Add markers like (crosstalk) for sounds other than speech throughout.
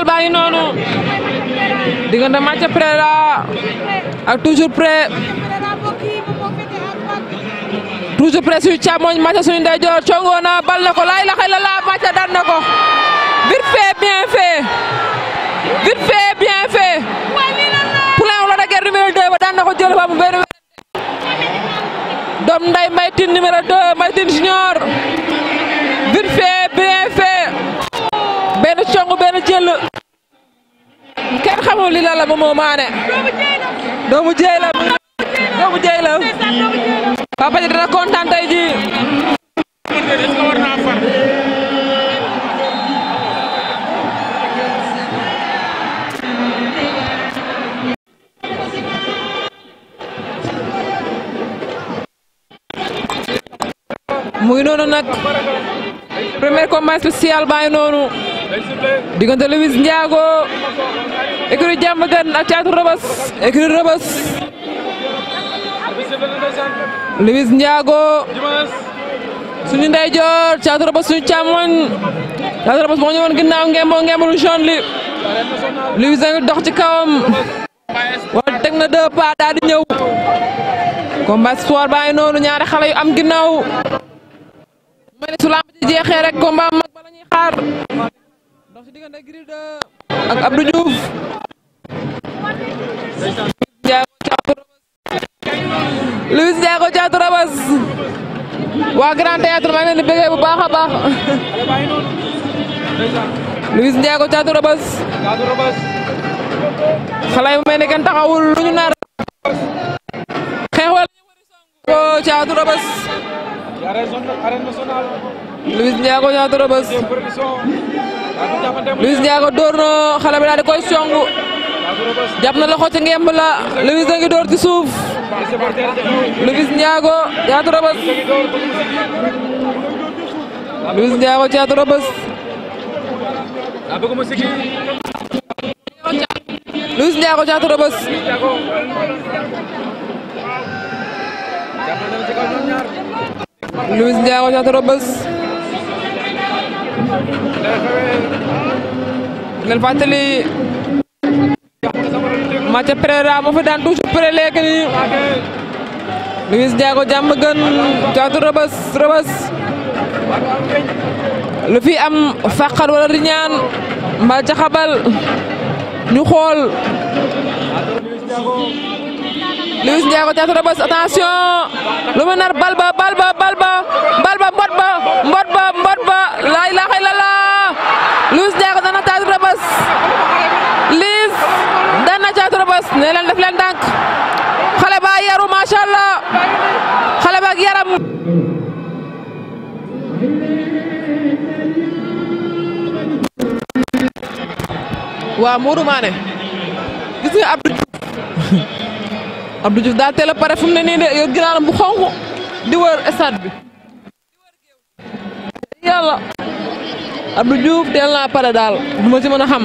final baa ngi noonu diggante Mathia Préra ak toujours prêt toujours prêt suñu càmmoñ Mathia suñu ndeyjoor congoo na bal na ko laay la la Mathia daan ko vite fait bien fait vite fait bien fait poulain numéro 2 ba daan ko jël ba mu benn wér doom nday Maytine numéro 2 Maytine junior vite fait bien fait benn cong benn jël kenn xamul li la la maane. doomu jéy la papa ji dina kontaan tey jii. mu noonu nag premier combat spécial baa ngi noonu diggante Louis Ndiago écurie jàmm gën ak caatu rëbës écurie rëbës Luis Ndiago suñu ndeyjoor caatu rëbës suñu càmmoñ caatu rëbës moo ñëwoon ginnaaw ngemboo ngembul jaune li Luis a dox ci kawam wala teg na deux pas di ñëw combat sport baa ngi noonu ñaari xale yu am ginnaaw mel ji jeexee rek combat mag ba la ñuy xaar ak Abdou Diouf Luis Ndiago Caatu Rabas waa Grand Théâtre maa ngi leen di bëggee baax a baax Luis Ndiago Caatu Rabas xale yi mu mel ni kenn taxawul lu ñu nar xeex wala ko Caatu Rabas Luis Ndiago dóor na xale bi daal di na loxo ci ngemb la Luis a ngi dóor ci suuf Luis Ndiago Caatu Rebeuss Luis Ndiago Caatu Rebeuss Luis Ndiago Caatu Rebeuss ngeen fàttali Mathieu Pereira moo fi daan tuuti Pereira léegi nii Luis Diago jàmm gën caatu rëbës rëbës lu fi am fàqar wala riñaan mbaa jaxabal ñu xool Luis Diago caatu rëbës attention lu mu nar bal ba nee leen def leen ndànk xale ba yaru macha allah xale ba ak yaram. waa Modou Mané gis nga Abdou Diouf (laughs) Abdou Diouf daal teel pare fu ne nii de yor ginaaram bu xonq di wër stade bi yàlla Abdou Diouf naa pare daal du ma ci mën a xam.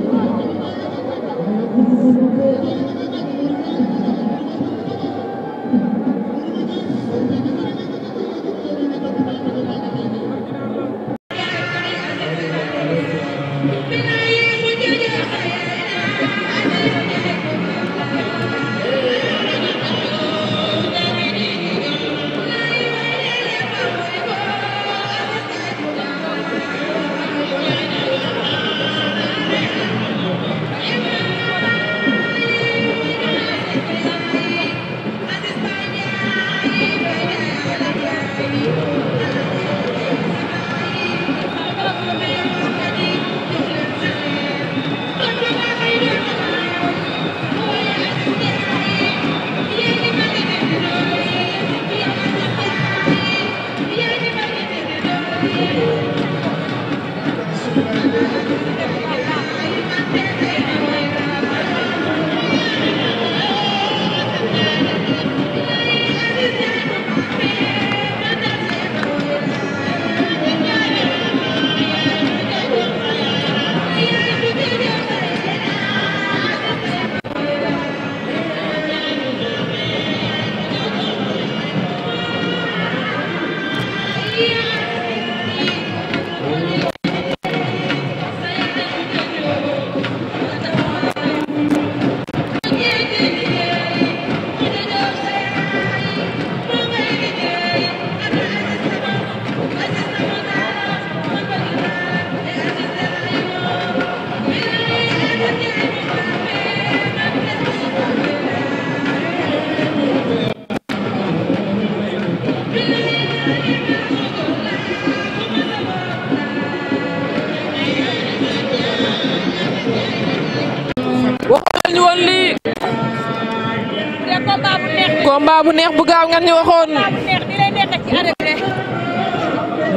combat neex bu gaaw ngeen ñu waxoon.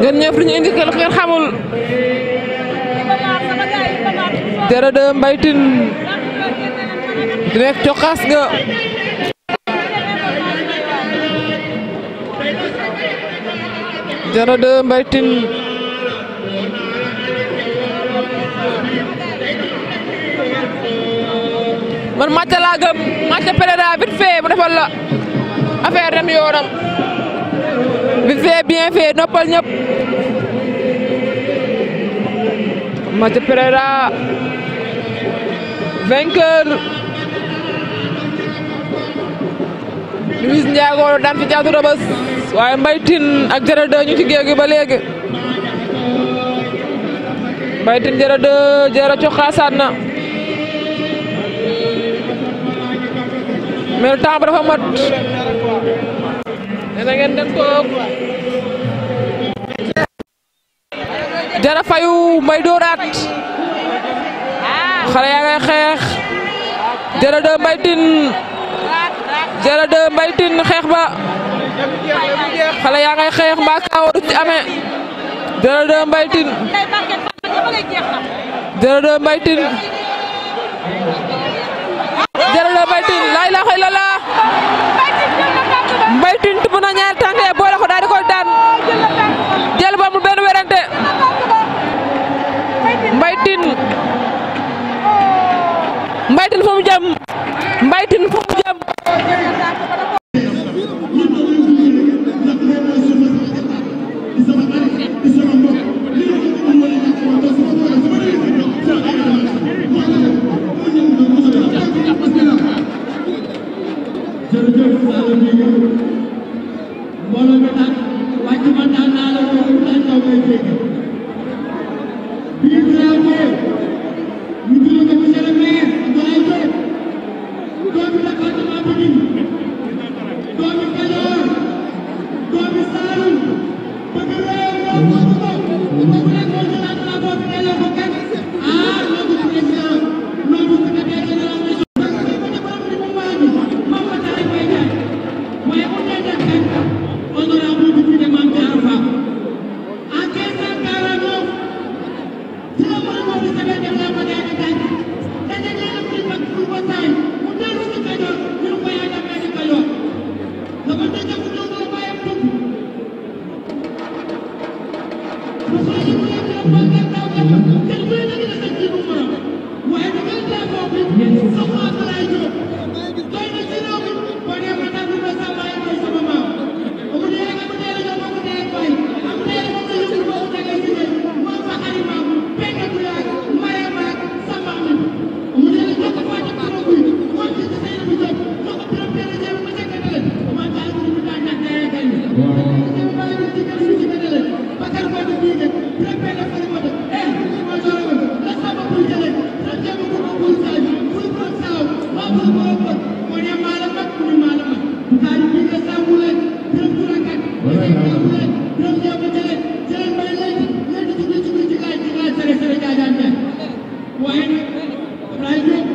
ngeen ñëw fi ñu indi xamul. Dara de Mbaye Tine direct coxaas nga. Dara de Mbaye Tine. man màcc gëm màcc péré daa vite fait defal la. affaire dem yoonam bi fee bien fait noppal ñëpp Mathia Pereira vainqueur Luis Ndiago daan fi caatu Rebeuss waaye Mbaye ak Diarra ñu ci géej gi ba léegi Mbaye Tine Diarra 2 Diarra coxaasaat na mais temps mat nee na ngeen dem toog jara fayu ngay xeex jara de mbay tin xeex ba xale yaa ngay xeex mbaa kaaw du ci amee jara de mbay tin jara de mbay tin jara de mbay tin ñaari tànk Thank you.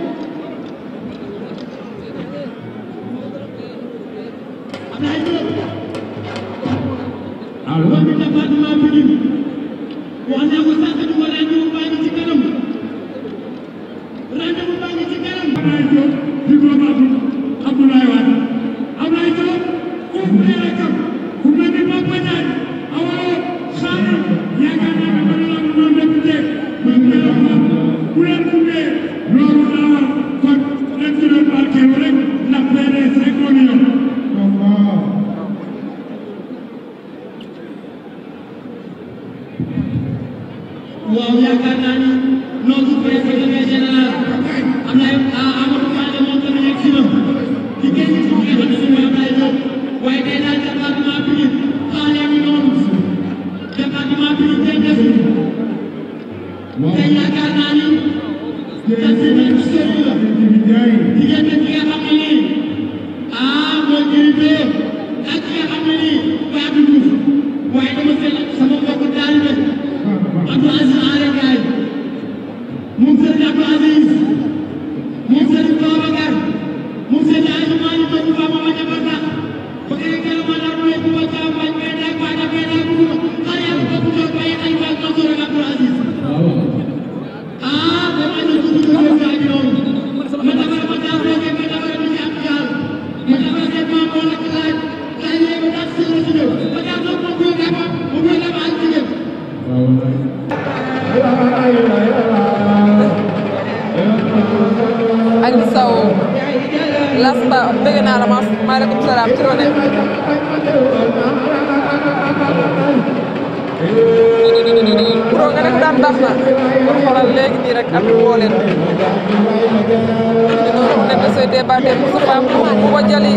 te Moustapha bu ko jëli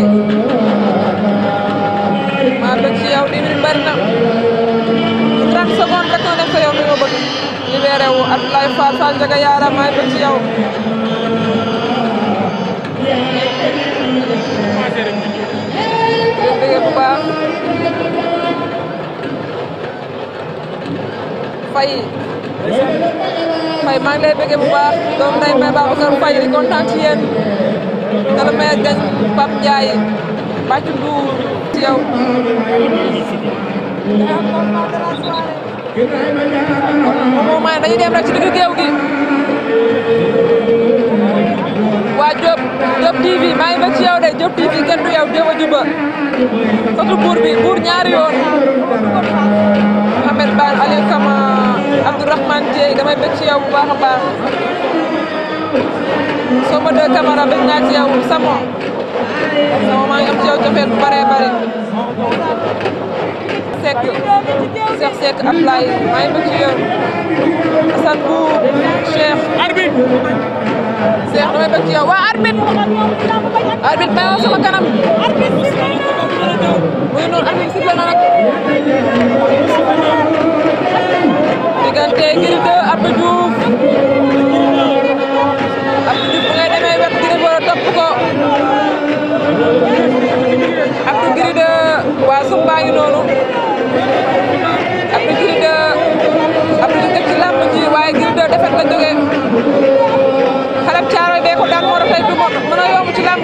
maa bëgg ci yow di mi bari na 30 secondes rek nga def sa yow mi nga bëgg libéré wu Abdoulaye Fall Fall Ndiaga Yara maa bëgg ci yow bëgg bu baax fay fay maa ngi lay bëgg bu baax doom day may Babacar Faye di kontaan ci yéen dala may gañ Pape Ndiaye bàcc Ndour ci yow moom mooy dañuy dem rek ci diggu gi waa Diop Diop TV maa ngi bëgg ci yow de Diop du yow Diop a juba sotu buur bi buur ñaari yoon Mohamed Bane Aliou Kama Abdourahmane Dieye damay bëgg ci yow bu baax a sama deux camara bëgg naa ci yow sama sama maa ngi am ci yow bu bare bare Seck Cheikh Seck Ablaye maa ngi bëgg ci yow Assane bu Cheikh arbitre Cheikh damay bëgg ci yow waa arbitre arbitre bàyyi sama kanam muy noonu arbitre sifflé na nag diggante Gris 2 Abdou Diouf Abdou Diouf bu ngay demee wet Gris Bordeaux topp ko Abdou Gris de noonu Abdou Gris de ci làmb ji waaye Gris de defet la jógee bee ko daan moo dafay du mën a yomb ci làmb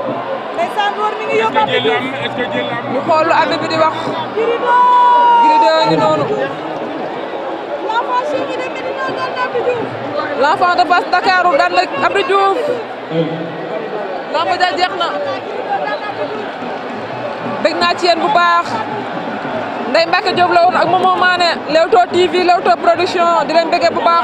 Tandoor mi ngi yokk ab ñu xool lu ab bi di wax. Gris 2 de Fass Ndakaaru ja jeex na. bëgg naa ci yéen bu baax. Ndeye Mbacke Diop la woon ak Momo Mané Leewtoo TV Leewtoo production di leen bëggee bu baax.